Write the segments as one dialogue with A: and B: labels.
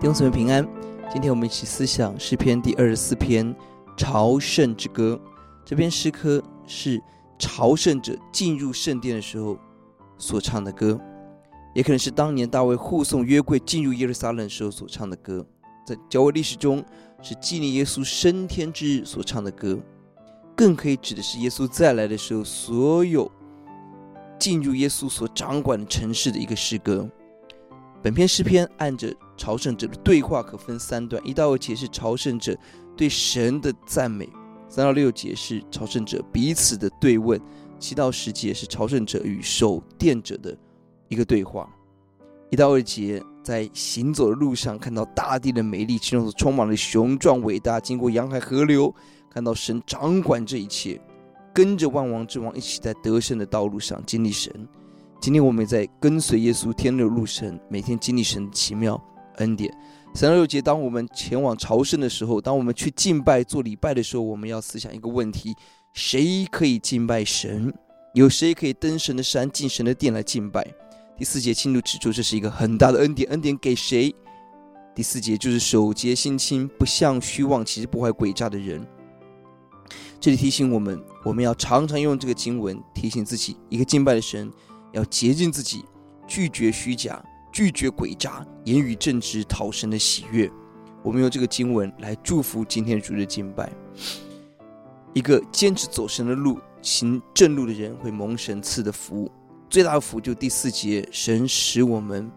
A: 弟兄姊妹平安，今天我們一起思想詩篇第二十四篇《朝聖之歌》。這篇詩歌是朝聖者進入聖殿的時候所唱的歌，也可能是當年大衛護送約櫃進入耶路撒冷時候所唱的歌。在教會歷史中，是紀念耶穌升天之日所唱的歌，更可以指的是耶穌再來的時候所有進入耶穌所掌管的城市的一個詩歌。本篇詩篇按着。朝聖者的對話可分三段：一到二節是朝聖者對神的讚美；三到六節是朝聖者彼此的對問；七到十節是朝聖者與守殿者的一個對話。一到二節在行走的路上看到大地的美麗，其中所充滿了雄壯偉大。經過洋海河流，看到神掌管這一切，跟着萬王之王一起在得勝的道路上經歷神。今天我們在跟隨耶穌天路入神，每天經歷神的奇妙。恩典，三十六節，當我們前往朝聖的時候，當我們去敬拜做禮拜的時候，我們要思想一個問題：誰可以敬拜神？有誰可以登神的山，進神的殿來敬拜？第四節，清楚指出這是一個很大的恩典，恩典給誰？第四節就是手潔心清，不向虛妄，起誓不懷詭詐的人。這裡提醒我們，我們要常常用這個經文提醒自己：一個敬拜的神，要潔淨自己，拒絕虛假。拒絕詭詐，言語正直，討神的喜悅。我們用這個經文來祝福今天主日敬拜。一個堅持走神的路、行正路的人，會蒙神賜的福。最大的福就第四節，神使我們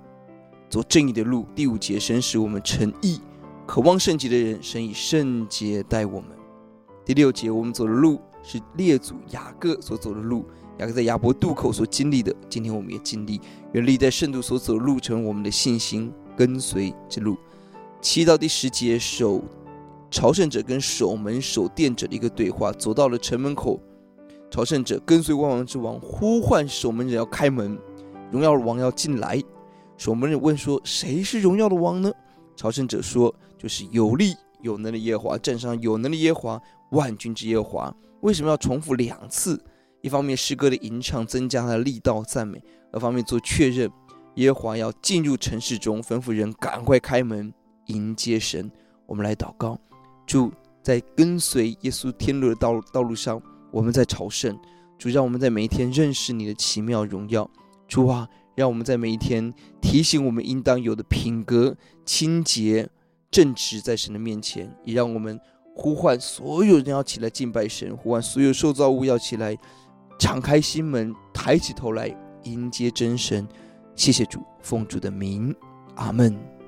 A: 走正義的路；第五節，神使我們成義，渴望聖潔的人，神以聖潔待我們。第六節，我們走的路是列祖雅各所走的路。雅各在雅博渡口所經歷的，今天我們也經歷。願歷代聖徒所走的路程，我們的信心跟隨之路。七到第十節，守朝聖者跟守門守殿者的一個對話，走到了城門口，朝聖者跟隨萬王之王呼喚守門者要開門，榮耀的王要進來。守門者問說：“誰是榮耀的王呢？”朝聖者說：“就是有力有能的耶和華，戰場上有能的耶和華，萬軍之耶和華。”為什麼要重複兩次？一方面，詩歌的吟唱增加了力道讚美；二方面，做確認，耶和華要進入城市中，吩咐人趕快開門迎接神。我們來禱告：主，在跟隨耶穌天路的道道路上，我們在朝聖。主，讓我們在每一天認識你的奇妙榮耀。主啊，讓我們在每一天提醒我們應當有的品格、清潔、正直，在神的面前。也讓我們呼喚所有人要起來敬拜神，呼喚所有受造物要起來。敞開心門，抬起頭來迎接真神。謝謝主，奉主的名，阿門。